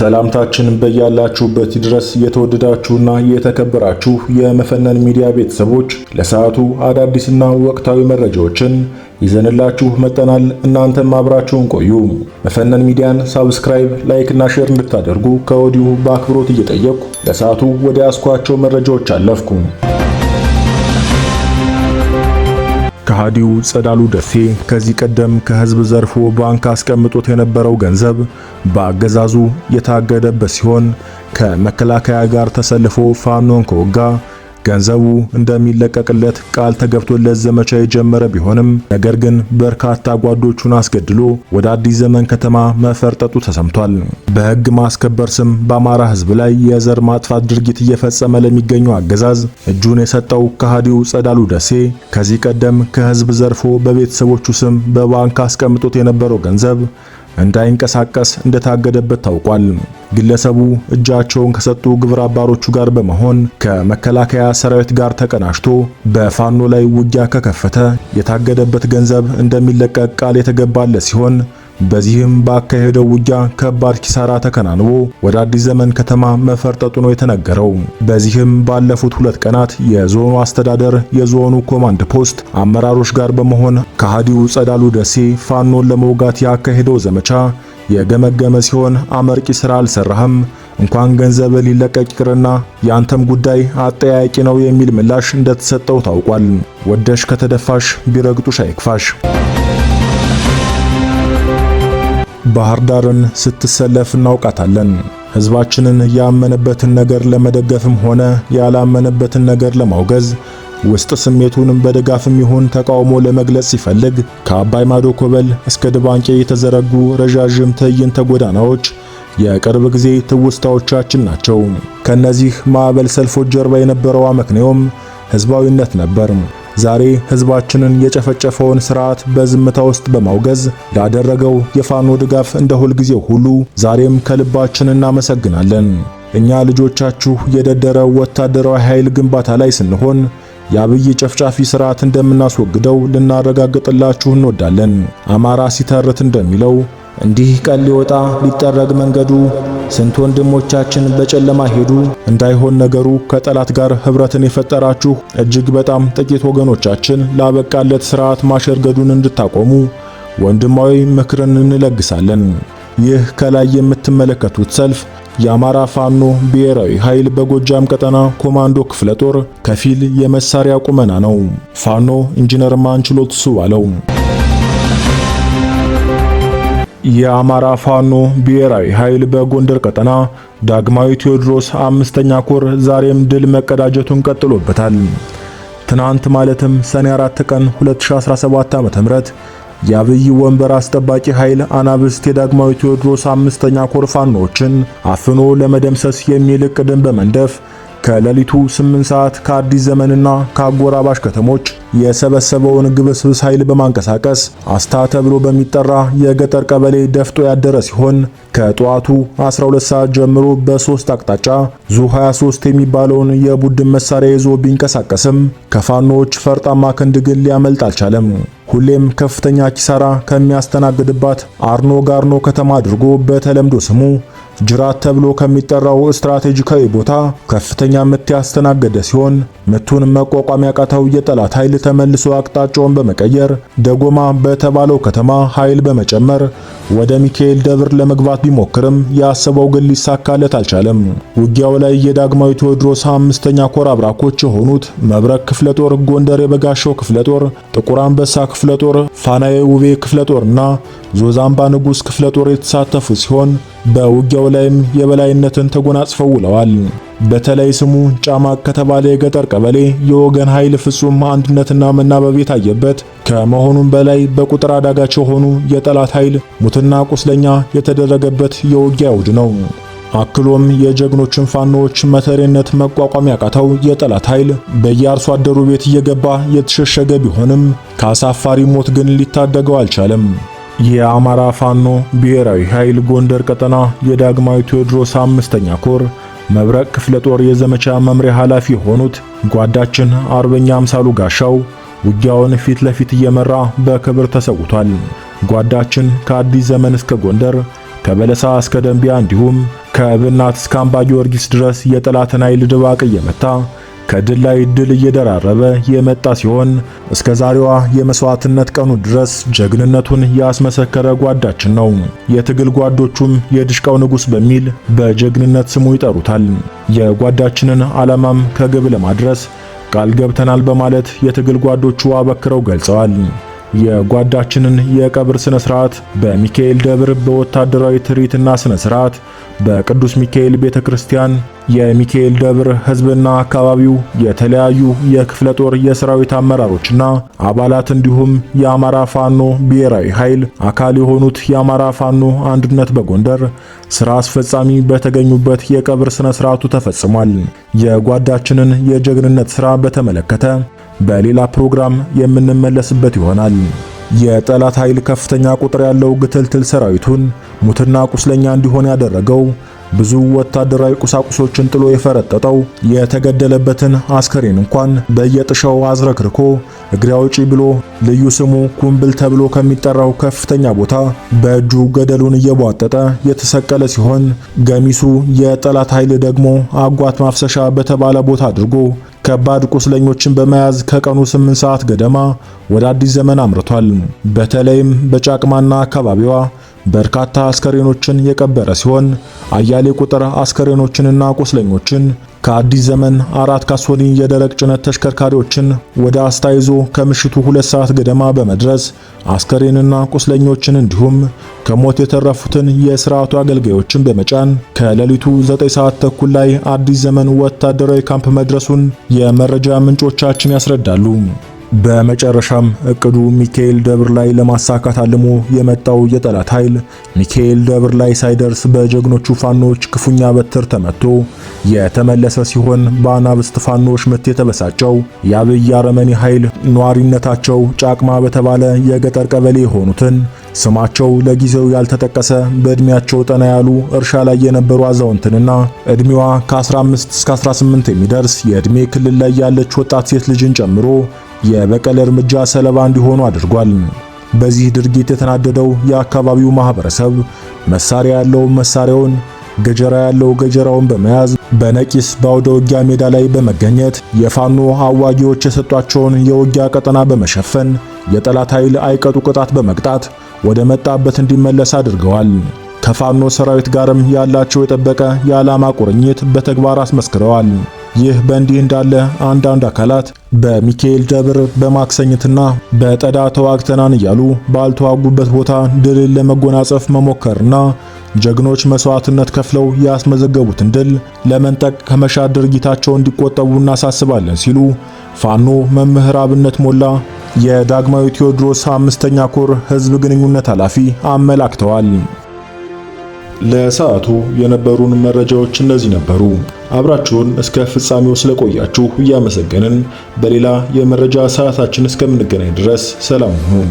ሰላምታችን በያላችሁበት ድረስ የተወደዳችሁና የተከበራችሁ የመፈነን ሚዲያ ቤተሰቦች ለሰዓቱ አዳዲስና ወቅታዊ መረጃዎችን ይዘንላችሁ መጠናል። እናንተም አብራችሁን ቆዩ። መፈነን ሚዲያን ሳብስክራይብ፣ ላይክ እና ሼር እንድታደርጉ ከወዲሁ በአክብሮት እየጠየቅኩ ለሰዓቱ ወደ ያስኳቸው መረጃዎች አለፍኩ። ከሃዲው ጸዳሉ ደሴ ከዚህ ቀደም ከህዝብ ዘርፎ ባንክ አስቀምጦት የነበረው ገንዘብ በአገዛዙ የታገደበት ሲሆን ከመከላከያ ጋር ተሰልፎ ፋኖን ከወጋ ገንዘቡ እንደሚለቀቅለት ቃል ተገብቶለት ዘመቻ የጀመረ ቢሆንም ነገር ግን በርካታ ጓዶቹን አስገድሎ ወደ አዲስ ዘመን ከተማ መፈርጠጡ ተሰምቷል። በህግ ማስከበር ስም በአማራ ሕዝብ ላይ የዘር ማጥፋት ድርጊት እየፈጸመ ለሚገኘው አገዛዝ እጁን የሰጠው ከሃዲው ጸዳሉ ደሴ ከዚህ ቀደም ከሕዝብ ዘርፎ በቤተሰቦቹ ስም በባንክ አስቀምጦት የነበረው ገንዘብ እንዳይንቀሳቀስ እንደታገደበት ታውቋል። ግለሰቡ እጃቸውን ከሰጡ ግብረ አባሮቹ ጋር በመሆን ከመከላከያ ሰራዊት ጋር ተቀናጅቶ በፋኖ ላይ ውጊያ ከከፈተ የታገደበት ገንዘብ እንደሚለቀቅ ቃል የተገባለ ሲሆን በዚህም ባካሄደው ውጊያ ከባድ ኪሳራ ተከናንቦ ወደ አዲስ ዘመን ከተማ መፈርጠጡ ነው የተነገረው። በዚህም ባለፉት ሁለት ቀናት የዞኑ አስተዳደር የዞኑ ኮማንድ ፖስት አመራሮች ጋር በመሆን ከሃዲው ጸዳሉ ደሴ ፋኖን ለመውጋት ያካሄደው ዘመቻ የገመገመ ሲሆን አመርቂ ስራ አልሰራህም፣ እንኳን ገንዘብ ሊለቀቅ ይቅርና ያንተም ጉዳይ አጠያቂ ነው የሚል ምላሽ እንደተሰጠው ታውቋል። ወደሽ ከተደፋሽ ቢረግጡሽ አይክፋሽ። ባህር ዳርን ስትሰለፍ እናውቃታለን። ህዝባችንን ያመነበትን ነገር ለመደገፍም ሆነ ያላመነበትን ነገር ለማውገዝ ውስጥ ስሜቱንም በድጋፍም ይሁን ተቃውሞ ለመግለጽ ሲፈልግ ከአባይ ማዶ ኮበል እስከ ድባንቄ የተዘረጉ ረዣዥም ትዕይንተ ጎዳናዎች የቅርብ ጊዜ ትውስታዎቻችን ናቸው። ከነዚህ ማዕበል ሰልፎች ጀርባ የነበረው አመክንዮም ህዝባዊነት ነበር። ዛሬ ህዝባችንን የጨፈጨፈውን ስርዓት በዝምታ ውስጥ በማውገዝ ላደረገው የፋኖ ድጋፍ እንደ ሁልጊዜው ሁሉ ዛሬም ከልባችን እናመሰግናለን። እኛ ልጆቻችሁ የደደረው ወታደራዊ ኃይል ግንባታ ላይ ስንሆን የአብይ ጨፍጫፊ ስርዓት እንደምናስወግደው ልናረጋግጥላችሁ እንወዳለን። አማራ ሲተርት እንደሚለው እንዲህ ቀን ሊወጣ ሊጠረግ መንገዱ ስንት ወንድሞቻችን በጨለማ ሄዱ። እንዳይሆን ነገሩ ከጠላት ጋር ህብረትን የፈጠራችሁ እጅግ በጣም ጥቂት ወገኖቻችን ላበቃለት ስርዓት ማሸርገዱን እንድታቆሙ ወንድማዊ ምክርን እንለግሳለን። ይህ ከላይ የምትመለከቱት ሰልፍ የአማራ ፋኖ ብሔራዊ ኃይል በጎጃም ቀጠና ኮማንዶ ክፍለ ጦር ከፊል የመሳሪያ ቁመና ነው። ፋኖ ኢንጂነር ማንችሎት ሱባለው የአማራ ፋኖ ብሔራዊ ኃይል በጎንደር ቀጠና ዳግማዊ ቴዎድሮስ አምስተኛ ኮር ዛሬም ድል መቀዳጀቱን ቀጥሎበታል። ትናንት ማለትም ሰኔ 4 ቀን 2017 ዓ.ም የአብይ ወንበር አስጠባቂ ኃይል አናብስት የዳግማዊ ቴዎድሮስ አምስተኛ ኮር ፋኖዎችን አፍኖ ለመደምሰስ የሚል እቅድን በመንደፍ ከሌሊቱ 8 ሰዓት ከአዲስ ዘመንና ከአጎራባሽ ከተሞች የሰበሰበውን ግብስብስ ኃይል በማንቀሳቀስ አስታ ተብሎ በሚጠራ የገጠር ቀበሌ ደፍጦ ያደረ ሲሆን ከጠዋቱ 12 ሰዓት ጀምሮ በሶስት አቅጣጫ ዙ 23 የሚባለውን የቡድን መሳሪያ ይዞ ቢንቀሳቀስም ከፋኖዎች ፈርጣማ ክንድ ግን ሊያመልጥ አልቻለም። ሁሌም ከፍተኛ ኪሳራ ከሚያስተናግድባት አርኖ ጋርኖ ከተማ አድርጎ በተለምዶ ስሙ ጅራት ተብሎ ከሚጠራው ስትራቴጂካዊ ቦታ ከፍተኛ ምት ያስተናገደ ሲሆን ምቱን መቋቋም ያቃተው የጠላት ኃይል ተመልሶ አቅጣጫውን በመቀየር ደጎማ በተባለው ከተማ ኃይል በመጨመር ወደ ሚካኤል ደብር ለመግባት ቢሞክርም ያሰበው ግን ሊሳካለት አልቻለም። ውጊያው ላይ የዳግማዊ ቴዎድሮስ አምስተኛ ኮር አብራኮች የሆኑት መብረቅ ክፍለ ጦር፣ ጎንደር የበጋሻው ክፍለ ጦር፣ ጥቁር አንበሳ ክፍለ ጦር፣ ፋናዬ ውቤ ክፍለ ጦርና ዞዛምባ ንጉስ ክፍለ ጦር የተሳተፉ ሲሆን በውጊያው ላይም የበላይነትን ተጎናጽፈው ውለዋል። በተለይ ስሙ ጫማ ከተባለ የገጠር ቀበሌ የወገን ኃይል ፍጹም አንድነትና መናበብ የታየበት ከመሆኑም በላይ በቁጥር አዳጋች የሆኑ የጠላት ኃይል ሙትና ቁስለኛ የተደረገበት የውጊያ አውድ ነው። አክሎም የጀግኖችን ፋኖዎች መተሬነት መቋቋም ያቃተው የጠላት ኃይል በየአርሶ አደሩ ቤት እየገባ የተሸሸገ ቢሆንም ከአሳፋሪ ሞት ግን ሊታደገው አልቻለም። የአማራ ፋኖ ብሔራዊ ኃይል ጎንደር ቀጠና የዳግማዊ ቴዎድሮስ አምስተኛ ኮር መብረቅ ክፍለ ጦር የዘመቻ መምሪያ ኃላፊ የሆኑት ጓዳችን አርበኛ አምሳሉ ጋሻው ውጊያውን ፊት ለፊት እየመራ በክብር ተሰውቷል። ጓዳችን ከአዲስ ዘመን እስከ ጎንደር፣ ከበለሳ እስከ ደንቢያ እንዲሁም ከብናት እስከ አምባ ጊዮርጊስ ድረስ የጠላትን ኃይል ድባቅ እየመታ ከድል ላይ ድል እየደራረበ የመጣ ሲሆን እስከ ዛሬዋ የመስዋዕትነት ቀኑ ድረስ ጀግንነቱን ያስመሰከረ ጓዳችን ነው። የትግል ጓዶቹም የድሽቃው ንጉስ በሚል በጀግንነት ስሙ ይጠሩታል። የጓዳችንን ዓላማም ከግብ ለማድረስ ቃል ገብተናል በማለት የትግል ጓዶቹ አበክረው ገልጸዋል። የጓዳችንን የቀብር ስነ ስርዓት በሚካኤል ደብር በወታደራዊ ትርኢትና ስነ ስርዓት በቅዱስ ሚካኤል ቤተክርስቲያን የሚካኤል ደብር ህዝብና አካባቢው የተለያዩ የክፍለ ጦር የሰራዊት አመራሮችና አባላት እንዲሁም የአማራ ፋኖ ብሔራዊ ኃይል አካል የሆኑት የአማራ ፋኖ አንድነት በጎንደር ስራ አስፈጻሚ በተገኙበት የቀብር ስነ ስርዓቱ ተፈጽሟል። የጓዳችንን የጀግንነት ስራ በተመለከተ በሌላ ፕሮግራም የምንመለስበት ይሆናል። የጠላት ኃይል ከፍተኛ ቁጥር ያለው ግትልትል ሰራዊቱን ሙትና ቁስለኛ እንዲሆን ያደረገው ብዙ ወታደራዊ ቁሳቁሶችን ጥሎ የፈረጠጠው የተገደለበትን አስከሬን እንኳን በየጥሻው አዝረክርኮ እግሬ አውጪ ብሎ ልዩ ስሙ ኩምብል ተብሎ ከሚጠራው ከፍተኛ ቦታ በእጁ ገደሉን እየቧጠጠ የተሰቀለ ሲሆን ገሚሱ የጠላት ኃይል ደግሞ አጓት ማፍሰሻ በተባለ ቦታ አድርጎ ከባድ ቁስለኞችን በመያዝ ከቀኑ 8 ሰዓት ገደማ ወደ አዲስ ዘመን አምርቷል። በተለይም በጫቅማና አካባቢዋ በርካታ አስከሬኖችን የቀበረ ሲሆን አያሌ ቁጥር አስከሬኖችንና ቁስለኞችን ከአዲስ ዘመን አራት ካሶኒ የደረቅ ጭነት ተሽከርካሪዎችን ወደ አስታ ይዞ ከምሽቱ ሁለት ሰዓት ገደማ በመድረስ አስከሬንና ቁስለኞችን እንዲሁም ከሞት የተረፉትን የስርዓቱ አገልጋዮችን በመጫን ከሌሊቱ 9 ሰዓት ተኩል ላይ አዲስ ዘመን ወታደራዊ ካምፕ መድረሱን የመረጃ ምንጮቻችን ያስረዳሉ። በመጨረሻም እቅዱ ሚካኤል ደብር ላይ ለማሳካት አልሞ የመጣው የጠላት ኃይል ሚካኤል ደብር ላይ ሳይደርስ በጀግኖቹ ፋኖች ክፉኛ በትር ተመቶ የተመለሰ ሲሆን በአናብስት ፋኖች ምት የተበሳጨው የአብይ አረመኔ ኃይል ኗሪነታቸው ጫቅማ በተባለ የገጠር ቀበሌ የሆኑትን ስማቸው ለጊዜው ያልተጠቀሰ በእድሜያቸው ጠና ያሉ እርሻ ላይ የነበሩ አዛውንትንና እድሜዋ ከ15 እስከ 18 የሚደርስ የእድሜ ክልል ላይ ያለች ወጣት ሴት ልጅን ጨምሮ የበቀል እርምጃ ሰለባ እንዲሆኑ አድርጓል። በዚህ ድርጊት የተናደደው የአካባቢው ማህበረሰብ መሳሪያ ያለው መሳሪያውን፣ ገጀራ ያለው ገጀራውን በመያዝ በነቂስ በአውደ ውጊያ ሜዳ ላይ በመገኘት የፋኖ አዋጊዎች የሰጧቸውን የውጊያ ቀጠና በመሸፈን የጠላት ኃይል አይቀጡ ቅጣት በመቅጣት ወደ መጣበት እንዲመለስ አድርገዋል። ከፋኖ ሰራዊት ጋርም ያላቸው የጠበቀ የዓላማ ቁርኝት በተግባር አስመስክረዋል። ይህ በእንዲህ እንዳለ አንዳንድ አካላት በሚካኤል ደብር በማክሰኝትና በጠዳ ተዋግተናን እያሉ ባልተዋጉበት ቦታ ድልን ለመጎናጸፍ መሞከርና ጀግኖች መስዋዕትነት ከፍለው ያስመዘገቡትን ድል ለመንጠቅ ከመሻት ድርጊታቸው እንዲቆጠቡ እናሳስባለን ሲሉ ፋኖ መምህር አብነት ሞላ የዳግማዊ ቴዎድሮስ አምስተኛ ኮር ህዝብ ግንኙነት ኃላፊ አመላክተዋል። ለሰዓቱ የነበሩን መረጃዎች እነዚህ ነበሩ። አብራችሁን እስከ ፍጻሜው ስለቆያችሁ እያመሰገንን በሌላ የመረጃ ሰዓታችን እስከምንገናኝ ድረስ ሰላም ሁኑ።